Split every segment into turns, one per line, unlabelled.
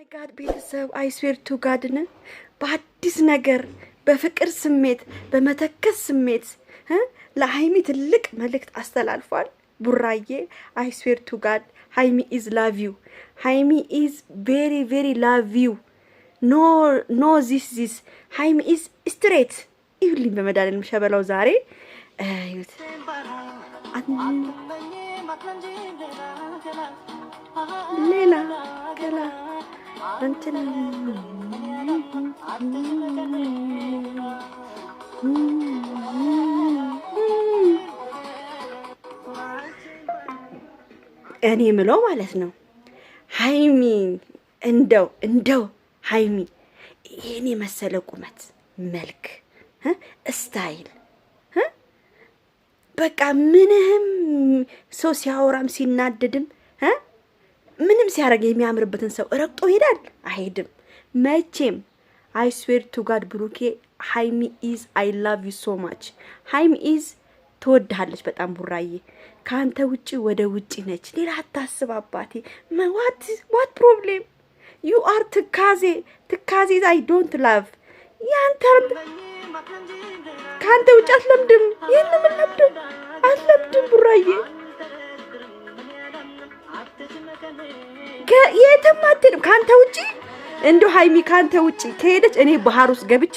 ማይ ጋድ ቤተሰብ አይስዌር ቱ ጋድን በአዲስ ነገር በፍቅር ስሜት በመተከስ ስሜት ለሀይሚ ትልቅ መልእክት አስተላልፏል። ቡራዬ አይስዌር ቱ ጋድ ሀይሚ ኢዝ ላቭ ዩ ሀይሚ ኢዝ ቬሪ ቬሪ ላቭ ዩ ኖ ዚስ ዚስ ሀይሚ ኢዝ ስትሬት ይሁልኝ በመዳን የምሸበለው ዛሬ ይሁት ሌላ ገላ እንትን እኔ ምለው ማለት ነው ሀይሚ እንደው እንደው ሀይሚ ይህን የመሰለ ቁመት፣ መልክ፣ ስታይል በቃ ምንህም ሰው ሲያወራም ሲናደድም ምንም ሲያደርግ የሚያምርበትን ሰው ረግጦ ይሄዳል? አይሄድም። መቼም አይ ስዌር ቱ ጋድ ብሩኬ፣ ሀይሚ ኢዝ አይ ላቭ ዩ ሶ ማች። ሀይሚ ኢዝ ትወድሃለች በጣም ቡራዬ፣ ከአንተ ውጪ ወደ ውጪ ነች። ሌላ አታስብ አባቴ። ዋት ዋት ፕሮብሌም ዩ አር ትካዜ ትካዜ አይ ዶንት ላቭ ያንተ ከአንተ ውጭ አትለምድም። ይህን ምን ለምድም አትለምድም ቡራዬ የትም አትሄድም ካንተ ውጪ። እንዲሁ ሀይሚ ከአንተ ውጪ ከሄደች እኔ ባህር ውስጥ ገብቼ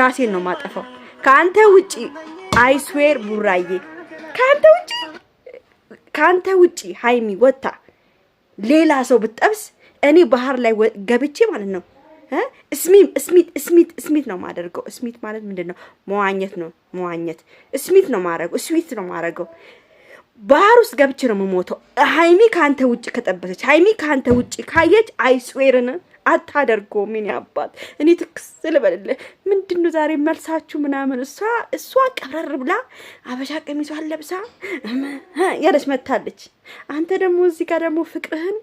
ራሴን ነው ማጠፋው። ካንተ ውጪ አይስዌር ቡራዬ፣ ካንተ ውጪ ካንተ ውጪ ሀይሚ ወታ ሌላ ሰው ብትጠብስ እኔ ባህር ላይ ገብቼ ማለት ነው እስሚም እስሚት እስሚት እስሚት ነው ማደርገው። እስሚት ማለት ምንድን ነው? መዋኘት ነው መዋኘት። እስሚት ነው ማረገው። እስዊት ነው ማረገው። ባህር ውስጥ ገብቼ ነው የምሞተው። ሀይሚ ከአንተ ውጭ ከጠበሰች፣ ሀይሚ ከአንተ ውጭ ካየች አይስዌርን አታደርጎ ምን ያባት እኔ ትክስ ልበልልህ። ምንድን ነው ዛሬ መልሳችሁ ምናምን? እሷ እሷ ቀብረር ብላ አበሻ ቀሚሷን ለብሳ ያለች መታለች። አንተ ደግሞ እዚህ ጋር ደግሞ ፍቅርህን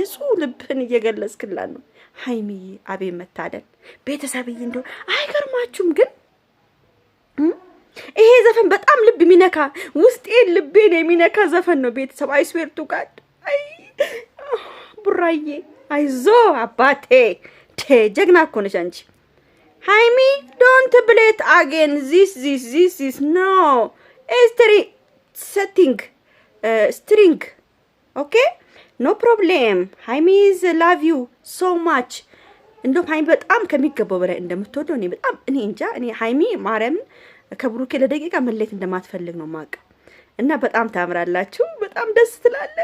ንጹህ ልብህን እየገለጽክላት ነው። ሀይሚዬ አቤ መታደል ቤተሰብዬ፣ እንደሆነ አይገርማችሁም ግን ይሄ ዘፈን በጣም ልብ የሚነካ ውስጤን ልቤን የሚነካ ዘፈን ነው። ቤተሰብ አይስዌር ቱ ጋድ ቡራዬ አይዞ አባቴ ቴ ጀግና እኮ ነሽ አንቺ ሃይሚ ዶንት ብሌት አጌን ዚስ ዚስ ዚስ ዚስ ኖ ስትሪ ሴቲንግ ስትሪንግ ኦኬ ኖ ፕሮብሌም ሃይሚ ኢዝ ላቭ ዩ ሶ ማች እንደውም ሃይሚ በጣም ከሚገባው በላይ እንደምትወደው እኔ በጣም እኔ እንጃ እኔ ሃይሚ ማርያምን ከብሩኬ ለደቂቃ መለየት እንደማትፈልግ ነው ማቅ እና በጣም ታምራላችሁ። በጣም ደስ ትላለ።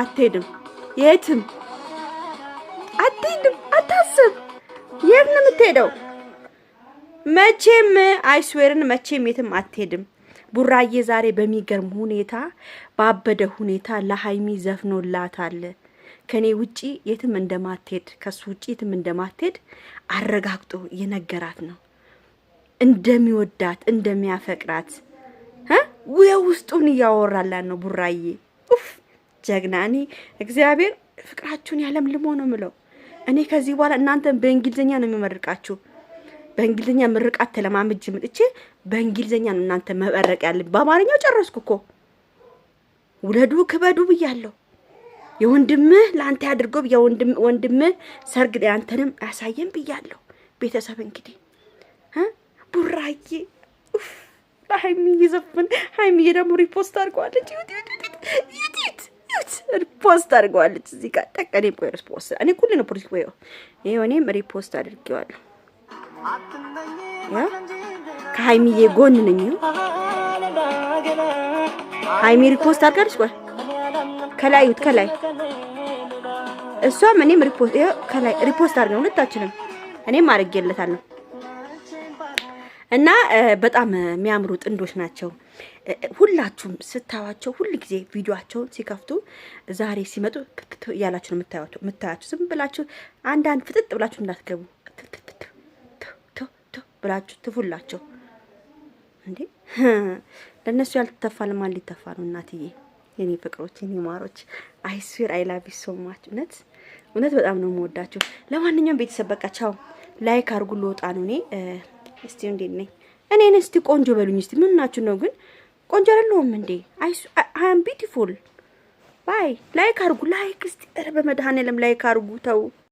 አትሄድም፣ የትም አትሄድም፣ አታስብ። የት ነው የምትሄደው? መቼም አይስዌርን መቼም የትም አትሄድም። ቡራዬ ዛሬ በሚገርም ሁኔታ ባበደ ሁኔታ ለሀይሚ ዘፍኖላታል። ከኔ ውጪ የትም እንደማትሄድ ከሱ ውጪ የትም እንደማትሄድ አረጋግጦ የነገራት ነው። እንደሚወዳት እንደሚያፈቅራት የውስጡን እያወራላን ነው። ቡራዬ ኡፍ ጀግና። እኔ እግዚአብሔር ፍቅራችሁን ያለም ልሞ ነው ምለው። እኔ ከዚህ በኋላ እናንተን በእንግሊዝኛ ነው የሚመርቃችሁ። በእንግሊዝኛ ምርቃት ተለማምጅ ምጥቼ በእንግሊዝኛ ነው እናንተ መበረቅ ያለ። በአማርኛው ጨረስኩ እኮ ውለዱ ክበዱ ብያለሁ። የወንድምህ ለአንተ ያድርገው ወንድምህ ሰርግ አንተንም አያሳየን ብያለሁ። ቤተሰብ እንግዲህ ቡራዬ ሀይሚ እየዘፈን ሀይሚዬ ደግሞ ሪፖስት አድርገዋለች። ዩቲዩት ሪፖስት አድርገዋለች። እዚህ ጋር ጠቅ እኔ ቆይ ሪፖስት እኔ ኩል ነው ፖሊስ ቆይ ይኸው እኔም ሪፖስት አድርጌዋለሁ። ከሀይሚዬ ጎን ነኝ። ሀይሚ ሪፖስት አድርጋለች ቆይ ከላዩት ከላይ እሷም እኔም ሪፖስት ይሄ ከላይ ሪፖስት አድርገን ሁለታችንም እኔም አድርጌለታለሁ። እና በጣም የሚያምሩ ጥንዶች ናቸው። ሁላችሁም ስታዋቸው ሁል ጊዜ ቪዲዮቸውን ሲከፍቱ ዛሬ ሲመጡ ፍትፍት እያላችሁ ነው የምታያቸው። ዝም ብላችሁ አንዳንድ ፍጥጥ ብላችሁ እንዳትገቡ ብላችሁ ትፉላቸው እንዴ። ለእነሱ ያልተተፋ ለማን ሊተፋ ነው እናትዬ? የኔ ፍቅሮች፣ የኔ ማሮች አይ ስዌር አይ ላቭ ዩ ሶ ማች። እውነት እውነት በጣም ነው የምወዳችሁ። ለማንኛውም ቤተሰብ በቃ ቻው። ላይክ አድርጉ። ልወጣ ነው እኔ። እስቲ እንዴት ነኝ እኔን እስቲ ቆንጆ በሉኝ። እስቲ ምን ናችሁ ነው ግን ቆንጆ አይደለሁም እንዴ? አይ አም ቢዩቲፉል ባይ። ላይክ አድርጉ። ላይክ እስቲ ኧረ በመድኃኔዓለም ላይክ አድርጉ። ተው